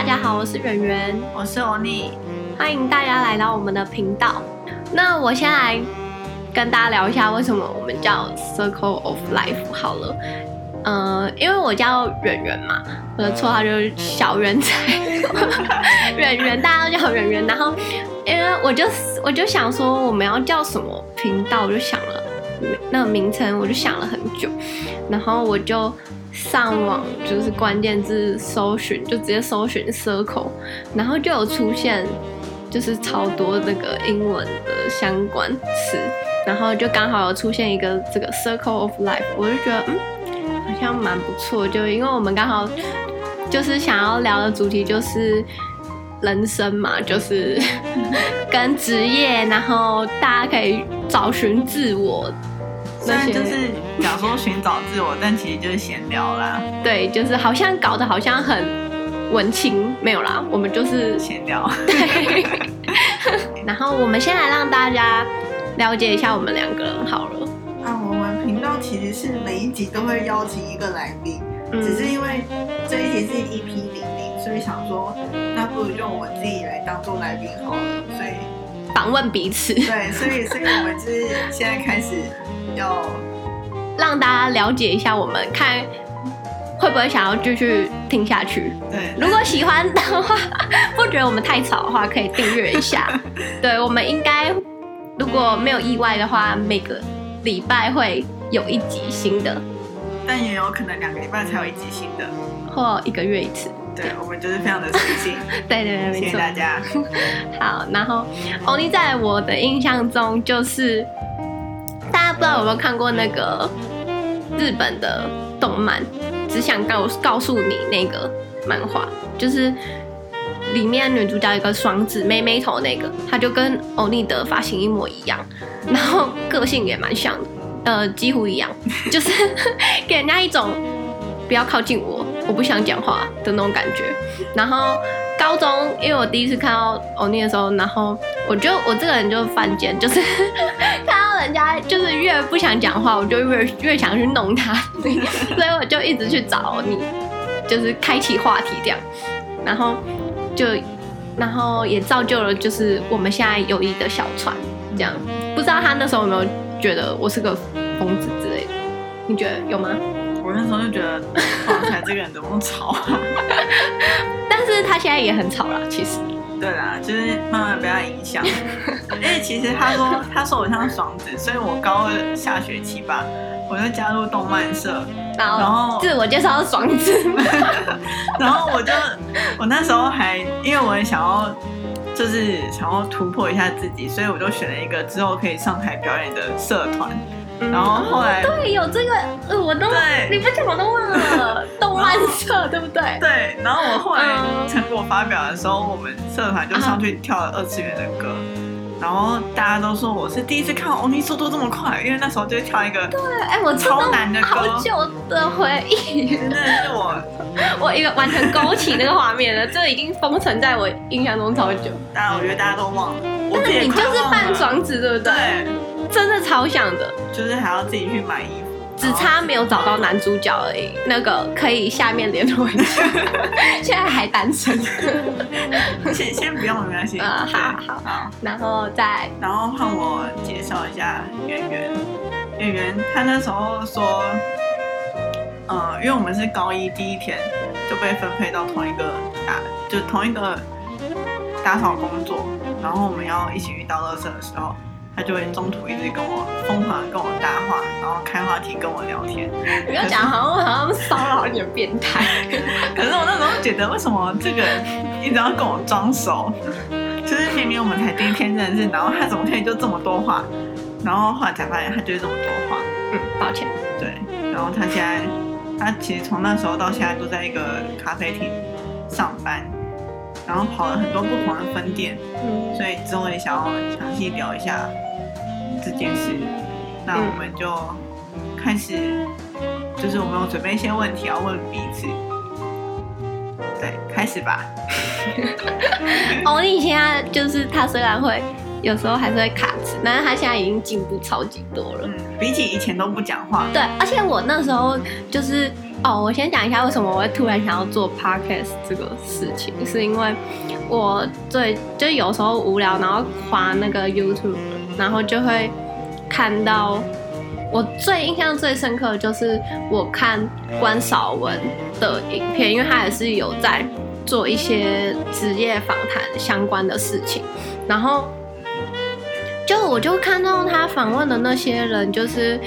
大家好，我是圓圓，我是歐尼，歡迎大家來到我們的頻道。那我先來跟大家聊一下，為什麼我們叫 Circle of Life 好了。呃，因為我叫圓圓嘛，我的綽號就是小人才。 圓圓大家都叫圓圓。然後，因為我就我就想說我們要叫什麼頻道，我就想了，那個名稱我就想了很久，然後我就。上網就是關鍵字搜尋，就直接搜尋 circle，然後就有出現，就是超多這個英文的相關詞，然後就剛好有出現一個這個 circle of life，我就覺得嗯，好像蠻不錯。就因為我們剛好就是想要聊的主題就是人生嘛，就是 跟職業，然後大家可以找尋自我。然，但就是假說尋找自我，但其實就是閒聊啦。對，就是好像搞得好像很文青，沒有啦，我們就是閒聊。對。 Okay. 然後我們先來讓大家了解一下我們兩個人好了。啊，我們頻道其實是每一集都會邀請一個來賓，嗯、只是因為這一集是 EP00，所以想說那不如用我自己來當做來賓好了，所以訪問彼此。對，所以所以我們就是現在開始。要讓大家了解一下我們，看會不會想要繼續聽下去。對，如果喜歡的話，或覺得 我們太吵的話，可以訂閱一下。 對，我們應該如果沒有意外的話，每個禮拜會有一集新的，但也有可能兩個禮拜才有一集新的，或一個月一次。對，我們就是非常的隨性。對對，謝謝大家。沒錯。好，然後歐尼在我的印象中就是。大家不知道有沒有看過那個日本的動漫？只想告告訴你，那個漫畫就是裡面女主角有一個雙子妹妹頭，那個她就跟歐尼的髮型一模一樣，然後個性也蠻像的，呃，幾乎一樣，就是 給人家一種不要靠近我，我不想講話的那種感覺。然後高中，因為我第一次看到歐尼的時候，然後我就，我這個人就犯賤，就是。人家就是越不想講話，我就越越想去弄他，所以我就一直去找你，就是開啟話題這樣。然後就，然後也造就了，就是我們現在友誼的小船這樣。嗯、不知道他那時候有沒有覺得我是個瘋子之類的？你覺得有嗎？我那時候就覺得黃彩這個人怎麼那麼吵啊！ 但是他現在也很吵啦，其實。對啦，就是慢慢被他影響。因為其實他說，他說我像爽子，所以我高二下學期吧，我就加入動漫社，好然後自我介紹爽子， 然後我就，我那時候還因為我也想要，就是想要突破一下自己，所以我就選了一個之後可以上台表演的社團，嗯、然後後來對有這個，呃，我都對你不講我都忘了。 萬色對不對？對，然後我後來成果發表的時候，嗯、我們社團就上去跳了二次元的歌，嗯、然後大家都說我是第一次看，哦，你速度這麼快，因為那時候就跳一個。對，哎，我超難的歌。欸、我好久的回憶，嗯、真的是我， 我一個完全勾起那個畫面了， 這已經封存在我印象中超久，當然我覺得大家都忘了。那你就是扮爽子對不對？對，真的超像的，就是還要自己去買衣服。只差沒有找到男主角而已、欸，好那個可以下面聯絡一下。 現在還單身。 先先不用沒關係，好好好。然後再然後換我介紹一下圓圓。圓圓她那時候說、呃，因為我們是高一第一天就被分配到同一個大，就同一個打掃工作，然後我們要一起去倒垃圾的時候。他就會中途一直跟我瘋狂的跟我搭話，然後開話題跟我聊天。你不要講是好像好像騷擾有點變態， 可是我那時候覺得為什麼這個人一直要跟我裝熟？就是明明我們才第一天認識，然後他怎麼可以就這麼多話，然後後來才發現他就是這麼多話。嗯，抱歉。對，然後他現在他其實從那時候到現在都在一個咖啡廳上班，然後跑了很多不同的分店。嗯，所以之後也想要詳細聊一下。這件事，那我們就開始。嗯、就是我們有準備一些問題要問彼此，對，開始吧。 哦，你現在就是他雖然會有時候還是會卡詞，但是他現在已經進步超級多了。嗯，比起以前都不講話。對，而且我那時候就是哦，我先講一下為什麼我會突然想要做 Podcast 這個事情，是因為我最就有時候無聊，然後滑那個 YouTube。然後就會看到我最印象最深刻的就是我看關韶文的影片，因為他也是有在做一些職業訪談相關的事情。然後就我就看到他訪問的那些人，就是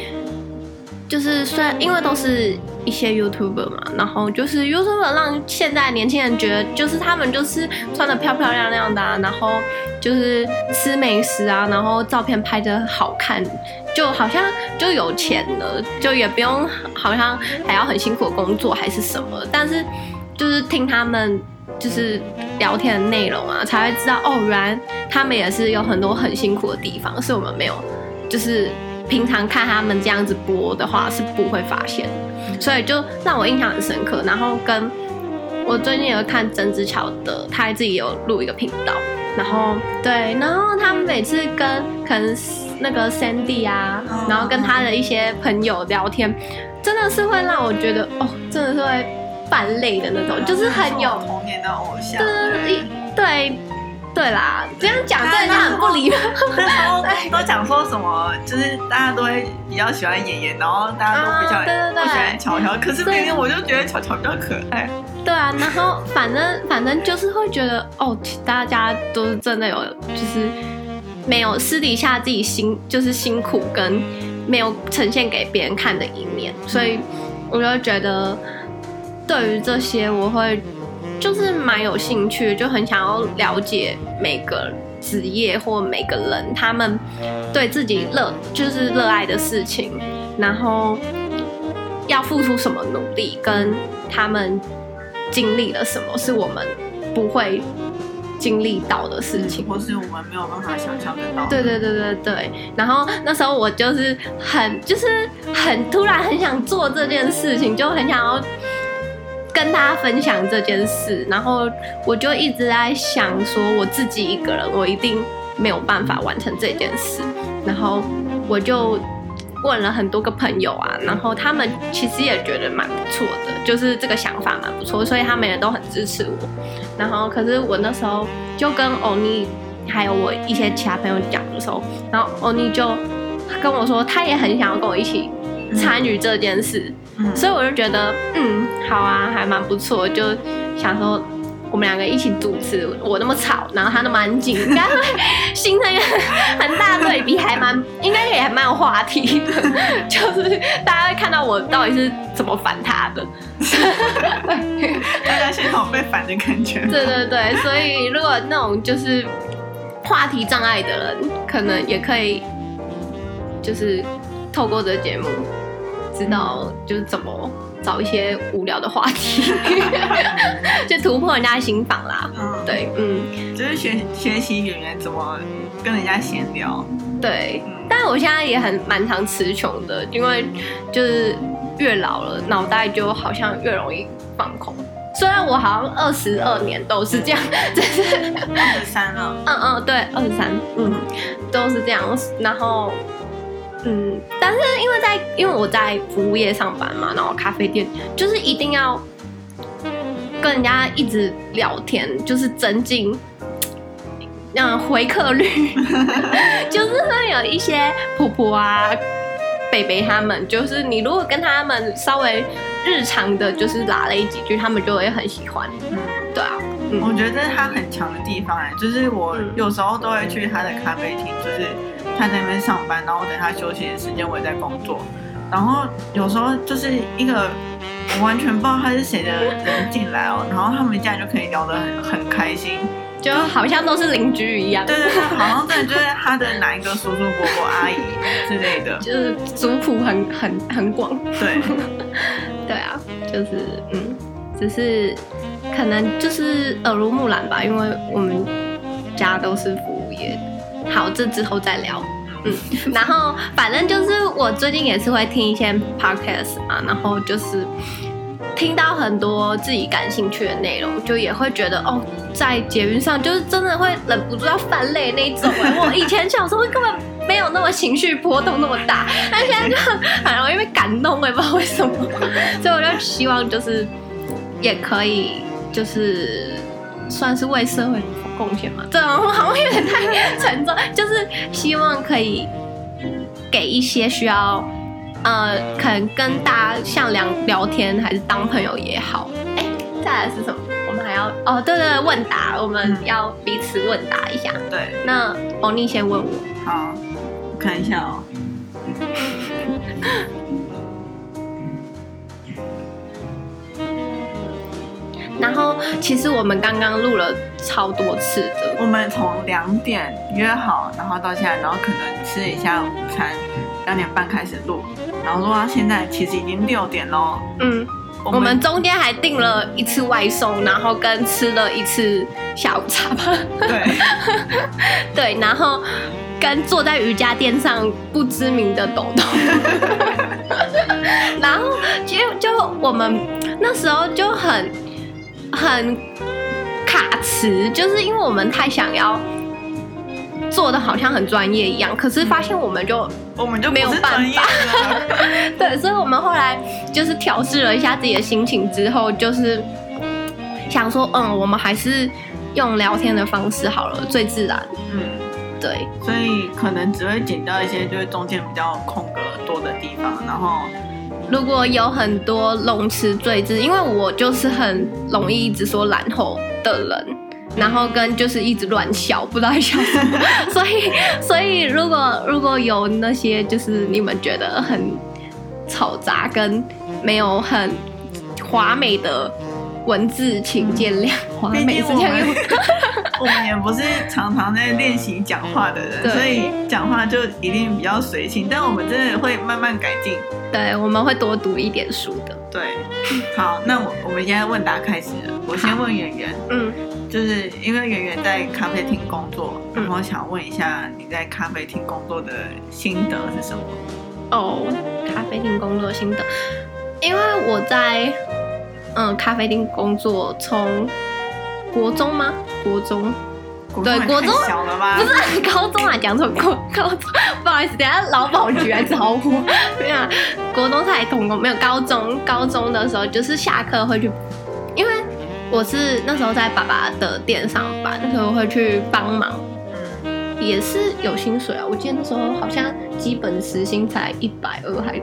就是雖然因為都是一些 YouTuber 嘛，然後就是 YouTuber 讓現在年輕人覺得，就是他們就是穿得漂漂亮亮的，啊，然後。就是吃美食啊，然後照片拍得好看，就好像就有錢了，就也不用好像還要很辛苦的工作還是什麼。但是就是聽他們就是聊天的內容啊，才會知道哦，原來他們也是有很多很辛苦的地方，是我們沒有，就是平常看他們這樣子播的話是不會發現的。所以就讓我印象很深刻。然後跟我最近有看曾之喬的，他還自己有錄一個頻道。然後，對，然後他們每次跟可能那個 Sandy 啊，哦、然後跟他的一些朋友聊天，哦、真的是會讓我覺得，哦，真的是會泛淚的那種，哦、就是很有童年的偶像，對對。嗯對對啦，這樣講對人家很不禮貌。然後都講說什麼，就是大家都會比較喜歡妍妍，然後大家都比較、啊，對對對，都喜歡喬喬。嗯、可是那天對我就覺得喬喬比較可愛。對啊，然後反正 反正就是會覺得哦，大家都是真的有，就是沒有私底下自己辛就是辛苦跟沒有呈現給別人看的一面，所以我就覺得對於這些我會。就是蠻有興趣，就很想要了解每個職業或每個人他們對自己熱就是熱愛的事情，然後要付出什麼努力，跟他們經歷了什麼，是我們不會經歷到的事情，或是我們沒有辦法想象得到的。對對對對對。然後那時候我就是很就是很突然很想做這件事情，就很想要。跟大家分享這件事，然後我就一直在想說，我自己一個人，我一定沒有辦法完成這件事。然後我就問了很多個朋友啊，然後他們其實也覺得蠻不錯的，就是這個想法蠻不錯，所以他們也都很支持我。然後可是我那時候就跟歐尼還有我一些其他朋友講的時候，然後歐尼就跟我說，他也很想要跟我一起參與這件事。嗯所以我就覺得，嗯，好啊，還蠻不錯，就想說我們兩個一起主持，我那麼吵，然後他那麼安靜，應該會形成一個很大對比，還蠻應該也還蠻有話題的，就是大家會看到我到底是怎麼煩他的，大家先有被煩的感覺。對對對，所以如果那種就是話題障礙的人，可能也可以，就是透過這個節目。知道就是怎麼找一些無聊的話題， 就突破人家的心防啦。嗯，對，嗯，就是學學習學員怎麼跟人家閒聊。對，嗯、但是我現在也很蠻常詞窮的，因為就是越老了，腦袋就好像越容易放空。雖然我好像二十二年都是這樣，就、嗯、真是二十三了。嗯嗯，對，二十三，嗯，嗯、都是這樣。然後。嗯，但是因為在因為我在服務業上班嘛，然後咖啡店就是一定要跟人家一直聊天，就是增進，那、嗯、回客率， 就是會有一些婆婆啊、北北他們，就是你如果跟他們稍微日常的，就是拉了一幾句，他們就會很喜歡，嗯、對啊。嗯、我覺得這是他很強的地方哎，嗯、就是我有時候都會去他的咖啡廳，就是他在那邊上班，然後等他休息的時間我也在工作，然後有時候就是一個我完全不知道他是誰的人進來哦，然後他們一下就可以聊得很很開心，就好像都是鄰居一樣。對,對對，好像真的就是他的哪一個叔叔伯伯阿姨之類的，就是族譜很很很廣。 對，對啊，就是嗯，只是。可能就是耳濡目染吧，因為我們家都是服務業。好，這之後再聊。嗯，然後反正就是我最近也是會聽一些 podcast 嘛，然後就是聽到很多自己感興趣的內容，就也會覺得哦，在捷運上就是真的會忍不住要泛淚那一種。哎，我以前小時候根本沒有那麼情緒波動那麼大，但現在就很容易被感動，我也不知道為什麼，所以我就希望就是也可以。就是算是為社會貢獻嘛，對，我好像有點太沉重， 就是希望可以給一些需要，呃，可能跟大家像聊聊天，還是當朋友也好。哎、欸，再來是什麼？我們還要哦，對，對對，問答，我們要彼此問答一下。對、嗯，那王麗、哦、先問我，好，我看一下哦。 然後其實我們剛剛錄了超多次的，我們從兩點約好，然後到現在，然後可能吃一下午餐，兩點半開始錄，然後錄到、啊、現在，其實已經六點嘍。嗯，我們，我們中間還訂了一次外送，然後跟吃了一次下午茶吧。對， 對，然後跟坐在瑜伽墊上不知名的抖抖。然後其實就，就我們那時候就很。很卡詞，就是因為我們太想要做得好像很專業一樣，可是發現我們就、嗯、我們就不沒有辦法。 對，所以我們後來就是調適了一下自己的心情之後，就是想說，嗯，我們還是用聊天的方式好了，最自然。嗯，對，所以可能只會剪掉一些，就是中間比較空格多的地方，然後。如果有很多冗詞贅字，因為我就是很容易一直說然後的人，然後跟就是一直亂笑，不知道笑什麼，所以所以如果如果有那些就是你們覺得很吵雜跟沒有很華美的文字，嗯、請見諒，華美是這樣。 我們也不是常常在練習講話的人，對所以講話就一定比較隨性。對但我們真的會慢慢改進。對，我們會多讀一點書的。對，好，那我我們現在問答開始了 我先問圓圓，嗯，就是因為圓圓在咖啡廳工作，然後想問一下你在咖啡廳工作的心得是什麼？哦，咖啡廳工作心得，因為我在嗯咖啡廳工作從。國中嗎？國中，國中對，國中不是高中啊，講錯國高中，不好意思，等下勞保局來找我。沒有，國中才打工，沒有高中。高中的時候就是下課會去，因為我是那時候在爸爸的店上班，那時候會去幫忙。嗯，也是有薪水啊，我記得那時候好像基本時薪才一百二，還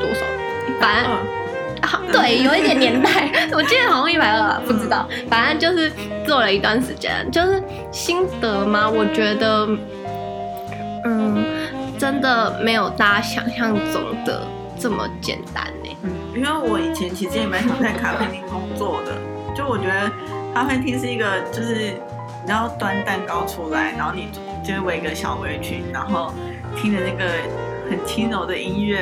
多少？一百二。啊、對，有一點年代，我記得好像一百二，啊，不知道，反正就是做了一段時間，就是心得嗎？我覺得，嗯，真的沒有大家想象中的這麼簡單呢、欸。嗯，因為我以前其實也蠻想在咖啡廳工作的，嗯啊、就我覺得咖啡廳是一個，就是你要端蛋糕出來，然後你就是圍一個小圍裙，然後聽着那個很輕柔的音樂。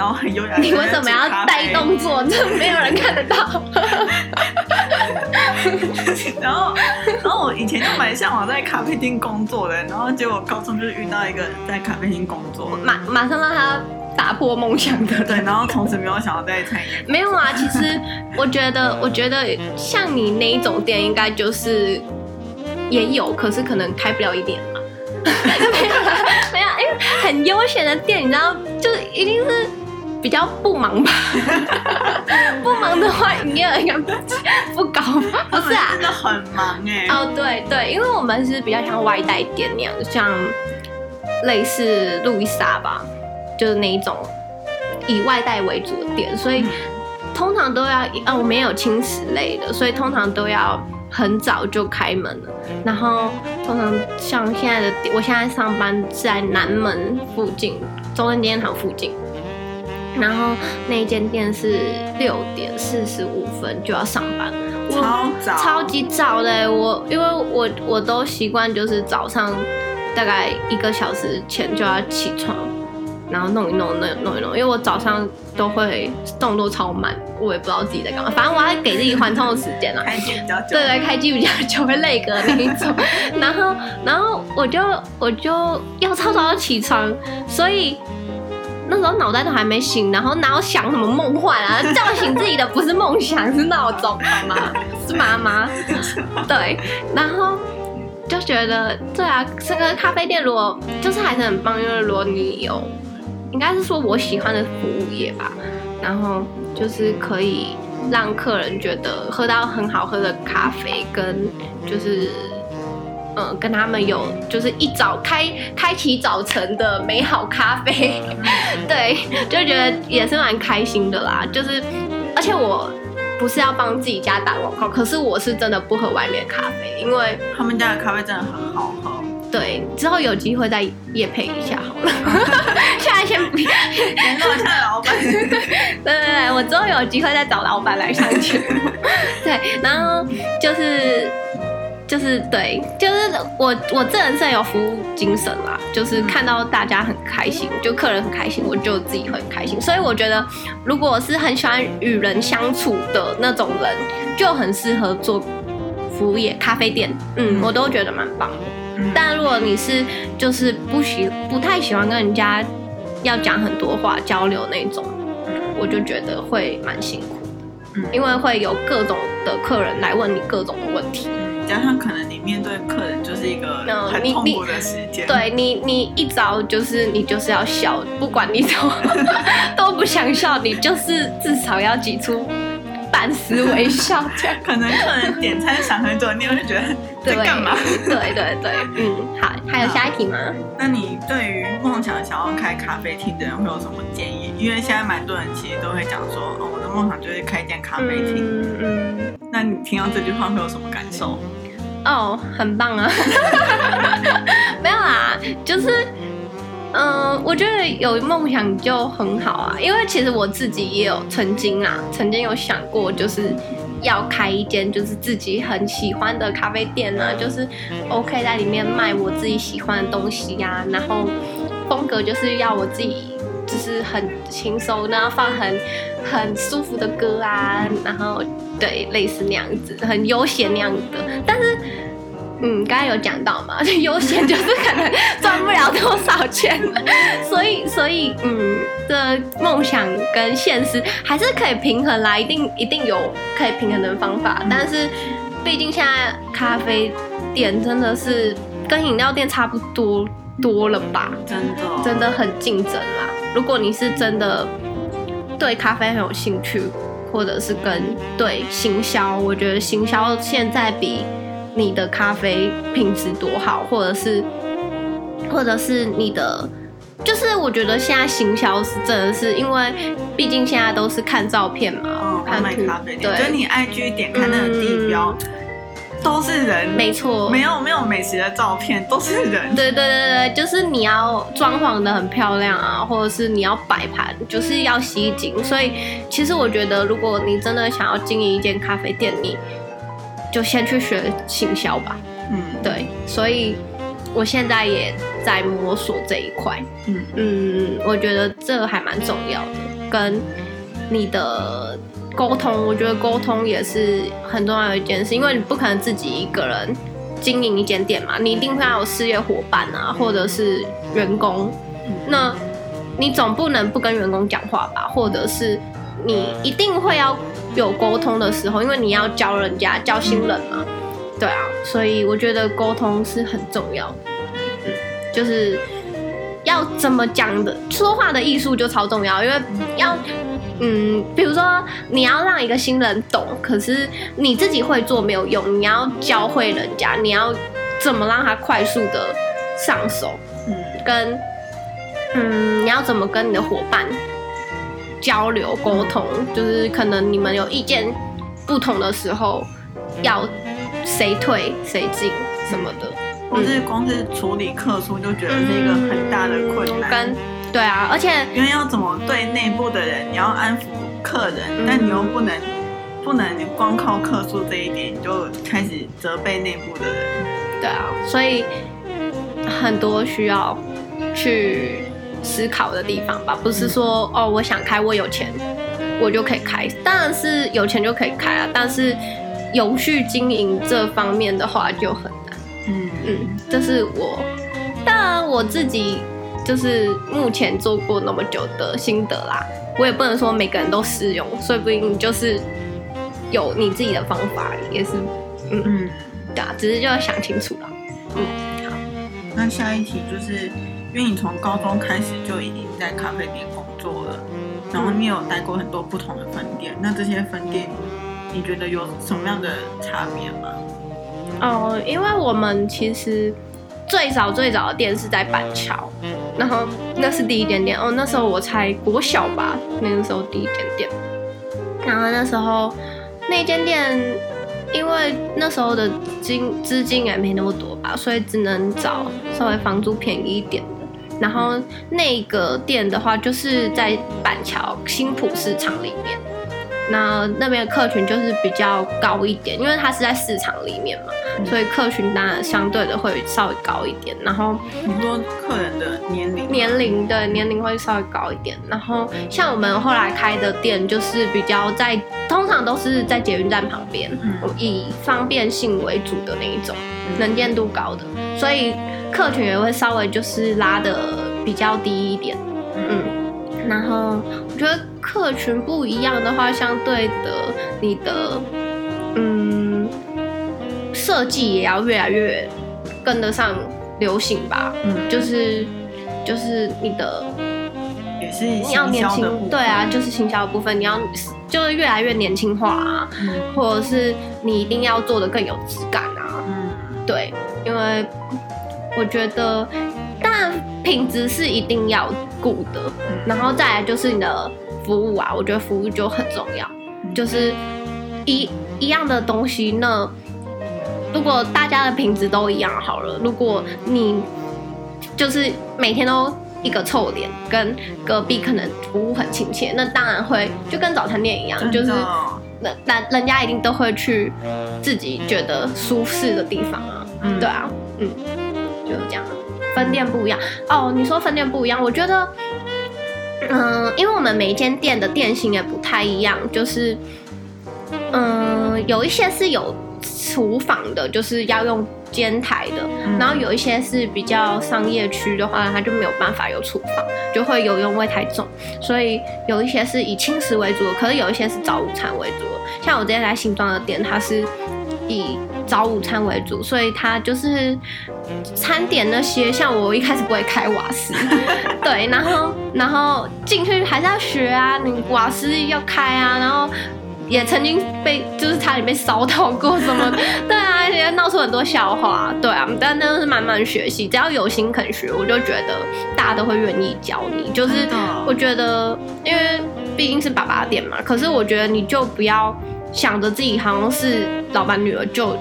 然後很優雅，你為什麼要帶動作？就沒有人看得到。 然後，然後我以前就蠻向往在咖啡廳工作的，然後結果高中就是遇到一個在咖啡廳工作，馬馬上讓他打破夢想的，我對。然後從此沒有想要在餐飲。 沒有啊，其實我覺得，我覺得像你那一種店，應該就是也有，可是可能開不了一點嘛。 沒有，沒有，因為很悠閒的店，你知道，就一定是。 比較不忙吧， 不忙的話，營業額應該不不高不 是啊，真的很忙哎、欸。哦、oh,，對對，因為我們是比較像外帶店那樣的，像類似路易莎吧，就是那一種以外帶為主的店，所以通常都要哦，呃、我沒有輕食類的，所以通常都要很早就開門了。然後通常像現在的，我現在上班在南門附近，中正紀念堂附近。然後那一間店是六點四十五分就要上班，超早，超級早嘞、欸！我因為我我都習慣就是早上大概一個小時前就要起床，然後弄一弄弄弄一弄，因為我早上都會動作超慢，我也不知道自己在幹嘛，反正我還給自己緩衝的時間啦，對對，開機比較久會累個那一種。然後然後我就我就要超早要起床，所以。那時候腦袋都還沒醒，然後哪有想什麼夢幻啊？叫醒自己的不是夢想，是鬧鐘，媽媽是媽媽。對，然後就覺得，對啊，生、這個咖啡店如果就是還是很棒，因為如果你有，應該是說我喜歡的服務業吧。然後就是可以讓客人覺得喝到很好喝的咖啡，跟就是。嗯，跟他們有就是一早開開啟早晨的美好咖啡，嗯、 對，就覺得也是蠻開心的啦。就是，而且我不是要幫自己家打廣告，可是我是真的不喝外面的咖啡，因為他們家的咖啡真的很好喝。好對，之後有機會再業配一下好了。 現在先不要，等一下找老闆。對對對，我之後有機會再找老闆來上去。 對，然後就是。就是對，就是我我這人是有服務精神啦，就是看到大家很開心，就客人很開心，我就自己會很開心。所以我覺得，如果是很喜歡與人相處的那種人，就很適合做服務業咖啡店。嗯，我都覺得蠻棒。嗯，但如果你是就是不喜不太喜歡跟人家要講很多話交流那種，我就覺得會蠻辛苦的。嗯，因為會有各種的客人來問你各種的問題。加上可能你面對客人就是一個很痛苦的時間，no,，對你，你一早就是你就是要笑，不管你怎麼 都不想笑，你就是至少要擠出半時微笑這樣。可能客人點餐想很多， 你就會覺得在幹嘛？對？對對對， 嗯，好，還有下一題嗎？那你對於夢想想要開咖啡廳的人會有什麼建議？因為現在蠻多人其實都會講說，哦，我的夢想就是開一間咖啡廳。嗯嗯嗯那你聽到這句話會有什麼感受？哦，oh, 很棒啊！ 沒有啦，就是嗯、呃，我覺得有夢想就很好啊。因為其實我自己也有曾經啊，曾經有想過，就是要開一間就是自己很喜歡的咖啡店啊，嗯、就是 OK 在裡面賣我自己喜歡的東西呀、啊。然後風格就是要我自己就是很輕鬆呢，然後放很很舒服的歌啊，然後。對，類似那樣子，很悠閒那樣子。但是，嗯，剛才有講到嘛，這悠閒就是可能賺不了多少錢， 所以，所以，嗯，這夢想跟現實還是可以平衡啦，一定一定有可以平衡的方法。嗯、但是，畢竟現在咖啡店真的是跟飲料店差不多多了吧，真的、哦、真的很競爭啦。如果你是真的對咖啡很有興趣。或者是跟對行銷，我覺得行銷現在比你的咖啡品質多好，或者是，或者是你的，就是我覺得現在行銷是真的是，是因為畢竟現在都是看照片嘛，看賣咖啡店，對，就你 IG 點看那個地標。嗯都是人，沒錯。沒有沒有美食的照片，都是人。對對對對，就是你要裝潢的很漂亮啊，或者是你要擺盤，就是要吸睛。所以其實我覺得，如果你真的想要經營一間咖啡店，你就先去學行銷吧。嗯，對，所以我現在也在摸索這一塊。嗯嗯，我覺得這還蠻重要的，跟你的。溝通，我覺得溝通也是很重要的一件事，因為你不可能自己一個人經營一間店嘛，你一定會要有事業夥伴啊，或者是員工，那你總不能不跟員工講話吧？或者是你一定會要有溝通的時候，因為你要教人家教新人嘛，對啊，所以我覺得溝通是很重要，嗯，就是要怎麼講的，說話的藝術就超重要，因為要。嗯，比如說你要讓一個新人懂，可是你自己會做沒有用，你要教會人家，你要怎麼讓他快速的上手，嗯，跟嗯，你要怎麼跟你的夥伴交流溝通，嗯、就是可能你們有意見不同的時候，嗯、要誰退誰進什麼的，司嗯，我這些光是處理客訴就覺得是一個很大的困難。嗯嗯跟對啊，而且因為要怎麼對內部的人，你要安撫客人，嗯、但你又不能不能光靠客訴這一點，你就開始責備內部的人。對啊，所以很多需要去思考的地方吧。不是說、嗯、哦，我想開，我有錢，我就可以開。當然是有錢就可以開啊，但是永續經營這方面的話就很難。嗯嗯，這是我當然我自己。就是目前做過那麼久的心得啦，我也不能說每個人都適用，說不定就是有你自己的方法也是，嗯嗯，對啊，只是就要想清楚了。嗯，好。那下一題就是，因為你從高中開始就已經在咖啡店工作了，然後你有待過很多不同的分店，嗯、那這些分店你覺得有什麼樣的差別嗎？嗯、哦，因為我們其實。最早最早的店是在板橋，然後那是第一間店哦。那時候我才國小吧，那個時候第一間店，然後那時候那間店，因為那時候的資金資金也沒那麼多吧，所以只能找稍微房租便宜一點的。然後那個店的話就是在板橋新埔市場裡面，那那邊的客群就是比較高一點，因為它是在市場裡面嘛。所以客群當然相對的會稍微高一點，然後很多客人的年齡年齡對年齡會稍微高一點，然後像我們後來開的店就是比較在通常都是在捷運站旁邊，以方便性為主的那一種，能見度高的，所以客群也會稍微就是拉得比較低一點，嗯，然後我覺得客群不一樣的話，相對的你的。設計也要越來越跟得上流行吧，嗯，就是就是你的，也是你要年輕，對啊，就是行銷部分，你要就是越來越年輕化啊，嗯，或者是你一定要做的更有質感啊，嗯，對，因為我覺得，但品質是一定要顧的，嗯，然後再來就是你的服務啊，我覺得服務就很重要，嗯，就是一一樣的東西那。如果大家的品質都一樣好了，如果你就是每天都一個臭臉，跟隔壁可能服務很親切，那當然會就跟早餐店一樣，就是那那人家一定都會去自己覺得舒適的地方啊，對啊，嗯，就是這樣，分店不一樣哦。你說分店不一樣，我覺得，嗯、呃，因為我們每一間店的店型也不太一樣，就是嗯、呃，有一些是有。廚房的就是要用煎台的，嗯、然後有一些是比較商業區的話，它就沒有辦法有廚房，就會油煙味太重。所以有一些是以輕食為主的，可是有一些是早午餐為主的。像我今天來新莊的店，它是以早午餐為主，所以它就是餐點那些，像我一開始不會開瓦斯， 對，然後然後進去還是要學啊，你瓦斯要開啊，然後。也曾經被就是差點被燒到過什麼， 對啊，也鬧出很多笑話，對啊，但那都是慢慢學習，只要有心肯學，我就覺得大家都會願意教你。就是我覺得， 因為畢竟是爸爸的店嘛，可是我覺得你就不要想着自己好像是老闆女兒就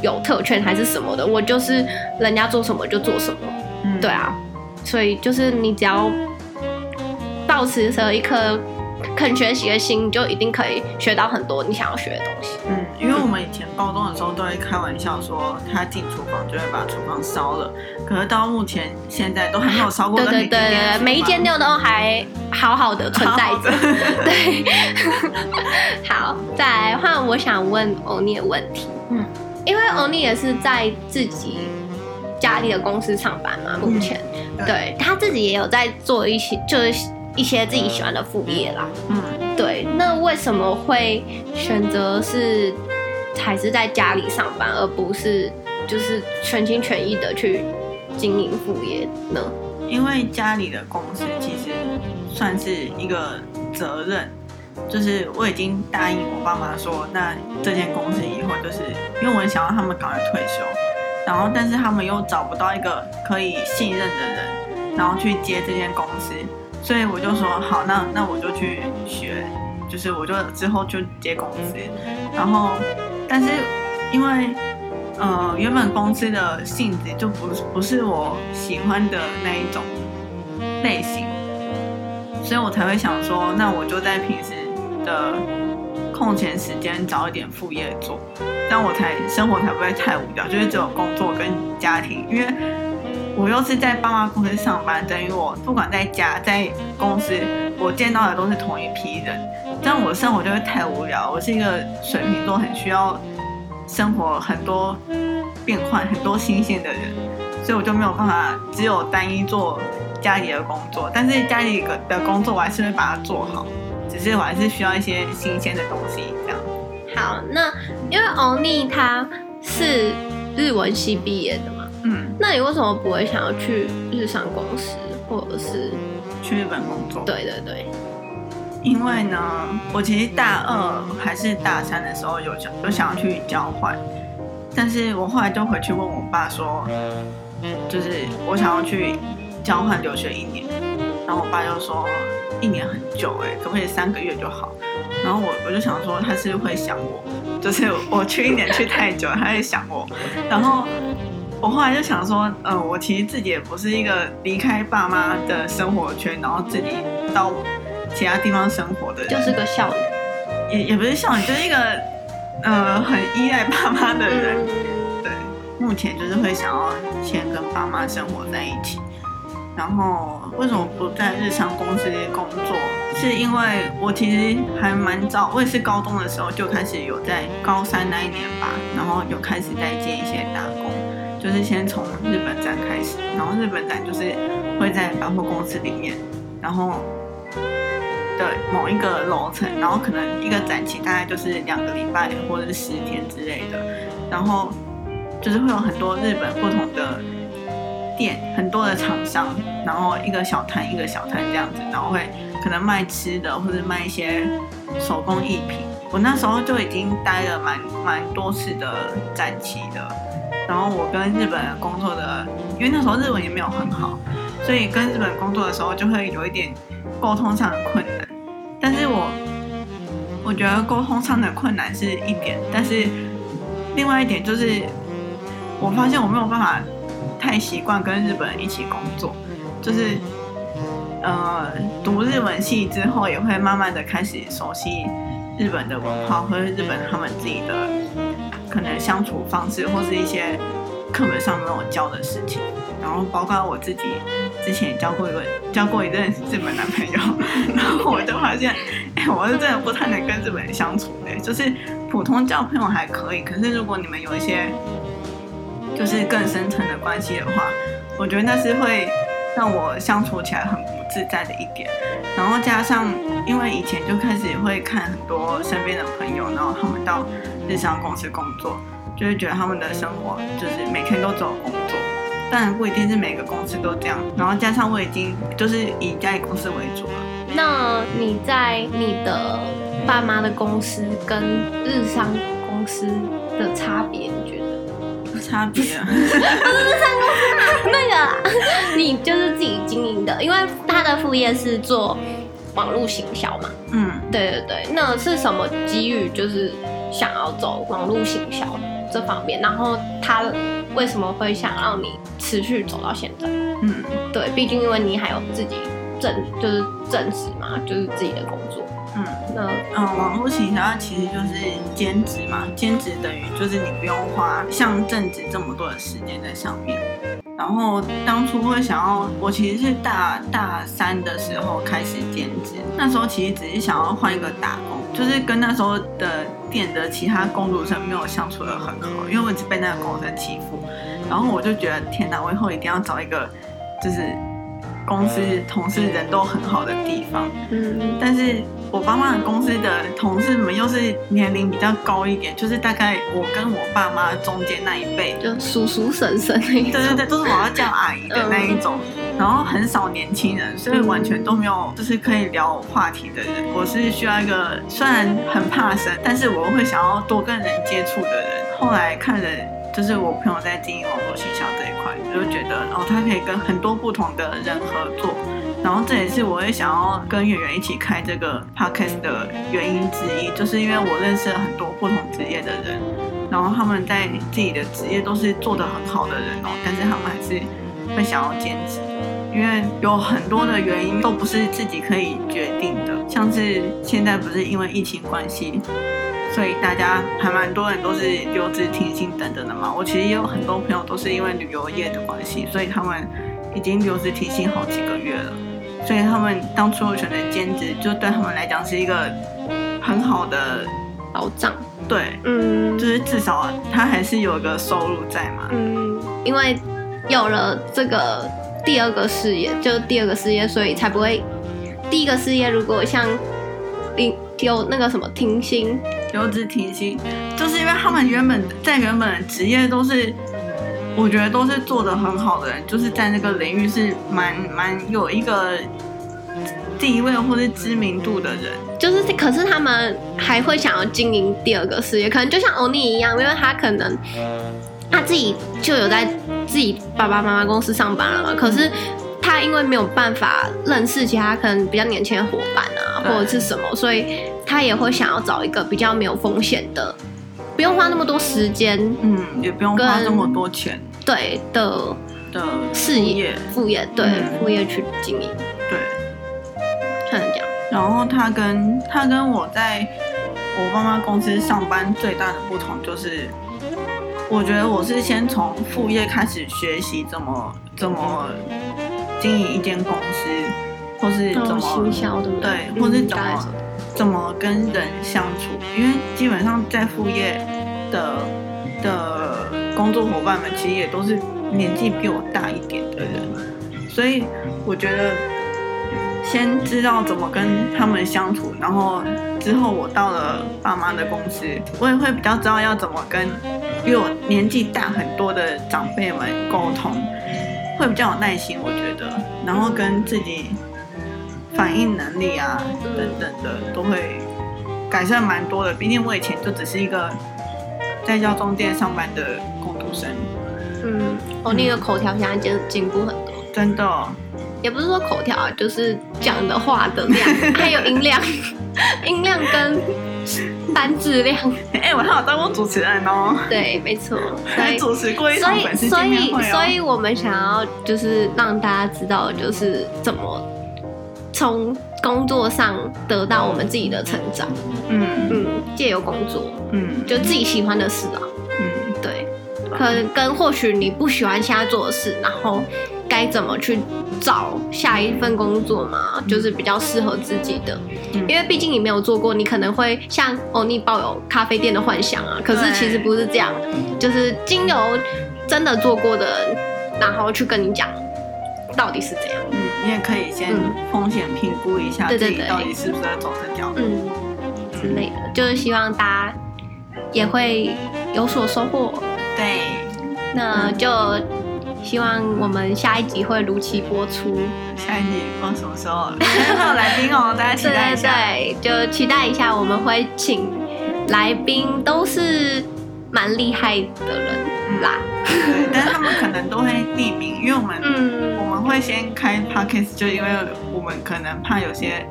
有特權還是什麼的，我就是人家做什麼就做什麼，嗯、對啊，所以就是你只要保持著一顆。肯學習的心，就一定可以學到很多你想要學的東西。嗯，因為我們以前高中的時候都會開玩笑說，他進廚房就會把廚房燒了。可是到目前現在都還沒有燒過。對對對對對，每一間店都還好好的存在着。好好對， 好，再來換我想問歐尼的問題。嗯，因為歐尼也是在自己家裡的公司上班嘛，目前，嗯、對，對他自己也有在做一些就是。一些自己喜歡的副業啦，嗯，嗯對，那為什麼會選擇是還是在家裡上班，而不是就是全心全意的去經營副業呢？因為家裡的公司其實算是一個責任，就是我已經答應我爸媽說，那這間公司以後就是因為我想讓他們趕快退休，然後但是他們又找不到一個可以信任的人，然後去接這間公司。所以我就說好，那那我就去學，就是我就之後就接公司，然後，但是因為呃原本公司的性質就不不是我喜歡的那一種類型，所以我才會想說，那我就在平時的空閒時間找一點副業做，但我才生活才不會太無聊，就是只有工作跟家庭，因為。我又是在爸媽公司上班，等於我不管在家在公司，我見到的都是同一批人，這樣我生活就會太無聊。我是一個水瓶座，很需要生活很多變換、很多新鮮的人，所以我就沒有辦法，只有單一做家裡的工作。但是家裡的工作我還是會把它做好，只是我還是需要一些新鮮的東西這樣。好，那因為 Only 他是日文系畢業的嘛。那你為什麼不會想要去日商公司，或者是去日本工作？對對對，因為呢，我其實大二還是大三的時候有想有想要去交換，但是我後來就回去問我爸說，就是我想要去交換留學一年，然後我爸就說一年很久誒，可不可以三個月就好？然後我我就想說他是會想我，就是我去一年去太久，他會想我，然後。我後來就想說，呃，我其實自己也不是一個離開爸媽的生活圈，然後自己到其他地方生活的人，就是個孝女，也也不是孝女，就是一個呃很依賴爸媽的人。嗯、對，目前就是會想要先跟爸媽生活在一起。然後為什麼不在日常公司工作？是因為我其實還蠻早，我也是高中的時候就開始有，在高三那一年吧，然後有開始在接一些打工。就是先從日本展開始，然後日本展就是會在百貨公司裡面，然後的某一個樓層，然後可能一個展期大概就是兩個禮拜或者是十天之類的，然後就是會有很多日本不同的店，很多的廠商，然後一個小攤一個小攤這樣子，然後會可能賣吃的或者賣一些手工藝品。我那時候就已經待了蠻蠻多次的展期的。然後我跟日本人工作的，因為那時候日文也沒有很好，所以跟日本工作的時候就會有一點溝通上的困難。但是我，我覺得溝通上的困難是一點，但是另外一點就是，我發現我沒有辦法太習慣跟日本人一起工作，就是，呃，讀日文系之後也會慢慢的開始熟悉日本的文化和日本他們自己的。可能相處方式或是一些課本上沒有教的事情，然後包括我自己之前也交過一個交過一任日本男朋友，然後我就發現，哎，我是真的不太能跟日本人相處的，就是普通交朋友還可以，可是如果你們有一些就是更深層的關係的話，我覺得那是會讓我相處起來很。自在的一點，然後加上，因為以前就開始會看很多身邊的朋友，然後他們到日商公司工作，就會覺得他們的生活就是每天都只有工作，當然不一定是每個公司都這樣。然後加上我已經就是以家裡公司為主了。那你在你的爸媽的公司跟日商公司的差別，你覺得？他別， 是，是 那個、啊、你就是自己經營的，因為他的副業是做網絡行銷嘛。嗯，對對對，那是什麼機遇就是想要走網絡行銷這方面？然後他為什麼會想讓你持續走到現在？嗯，對，畢竟因為你還有自己正就是正職嘛，就是自己的工作。嗯，是嗯，網絡營銷其實就是兼職嘛，兼職等於就是你不用花像正職這麼多的時間在上面。然後當初會想要，我其實是大大三的時候開始兼職，那時候其實只是想要換一個打工，就是跟那時候的店的其他工讀生沒有相處的很好，嗯、因為我一直被那個工讀生欺負，然後我就覺得天哪，我以後一定要找一個就是公司同事人都很好的地方。嗯，但是。我爸媽的公司的同事們又是年齡比較高一點，就是大概我跟我爸媽中間那一輩，就叔叔、嬸嬸那一種。對對對，都、就是我要叫阿姨的那一種。呃、然後很少年輕人，所以完全都沒有就是可以聊話題的人。對我是需要一個雖然很怕生，但是我會想要多跟人接觸的人。後來看了就是我朋友在經營網絡營銷這一塊，我就覺得哦，他可以跟很多不同的人合作。然後這也是我也想要跟圓圓一起開這個 Podcast 的原因之一，就是因為我認識了很多不同職業的人，然後他們在自己的職業都是做得很好的人哦，但是他們還是會想要兼職，因為有很多的原因都不是自己可以決定的，像是現在不是因為疫情關係，所以大家還蠻多人都是留職停薪等等的嘛。我其實也有很多朋友都是因為旅遊業的關係，所以他們已經留職停薪好幾個月了。所以他們當初選擇兼職，就對他們來講是一個很好的保障。對，嗯，就是至少他還是有個收入在嘛。嗯，因為有了這個第二個事業，就第二個事業，所以才不會第一個事業如果像有那個什麼停薪，留職停薪，就是因為他們原本在原本職業都是。我覺得都是做得很好的人，就是在那個領域是蠻蠻有一個地位或是知名度的人。就是，可是他們還會想要經營第二個事業，可能就像歐尼一樣，因為他可能他自己就有在自己爸爸媽媽公司上班了嘛。可是他因為沒有辦法認識其他可能比較年輕的夥伴啊，對或者是什麼，所以他也會想要找一個比較沒有風險的。不用花那麼多時間，嗯，也不用花那麼多錢，對的的事業副業，對、嗯、副業去經營，對，看人家。然後他跟他跟我在我媽媽公司上班最大的不同就是，我覺得我是先從副業開始學習怎麼、嗯、怎麼經營一間公司，或是怎麼行銷，對不對？對，或者。嗯怎麼跟人相處？因為基本上在副業的的工作夥伴們，其實也都是年紀比我大一點的人，所以我覺得先知道怎麼跟他們相處，然後之後我到了爸媽的公司，我也會比較知道要怎麼跟比我年紀大很多的長輩們溝通，會比較有耐心，我覺得，然後跟自己。反應能力啊，等等的，嗯、都會改善蠻多的。畢竟我以前就只是一個在藥妝店上班的工讀生。嗯，哦，那個口條現在進進步很多，真的，哦。也不是說口條啊，就是講的話的量， 還有音量， 音量跟單字量。哎，欸，我很好當過主持人哦。對，沒錯。還主持過一所以，所以我們想要就是讓大家知道，就是怎麼。從工作上得到我們自己的成長，嗯嗯，借、嗯、由工作，嗯，就自己喜歡的事啊，嗯，對，可跟或許你不喜歡現在做的事，然後該怎麼去找下一份工作嘛，嗯、就是比較適合自己的，嗯、因為畢竟你沒有做過，你可能會像歐尼抱有咖啡店的幻想啊，可是其實不是這樣，對就是經由真的做過的人，然後去跟你講，到底是怎樣。你也可以先風險評估一下自己到底是不是在走正腳，對對對嗯、之類的，嗯、就是希望大家也會有所收穫。對，那就希望我們下一集會如期播出。嗯、下一集放什麼時候？嗯、 有來賓哦，大家期待一下。對，對，對，就期待一下，我們會請來賓都是蠻厲害的人啦，辣 對，但是他們可能都會匿名，因為我們、嗯、我們會先開 podcast，就因為我們可能怕有些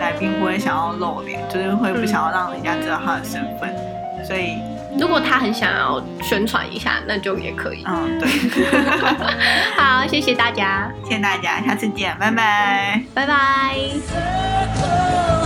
來賓不會想要露臉，就是會不想要讓人家知道他的身份，所以如果他很想要宣傳一下，那就也可以。嗯、哦，對。 好，謝謝大家，謝謝大家，下次見，拜拜，拜拜。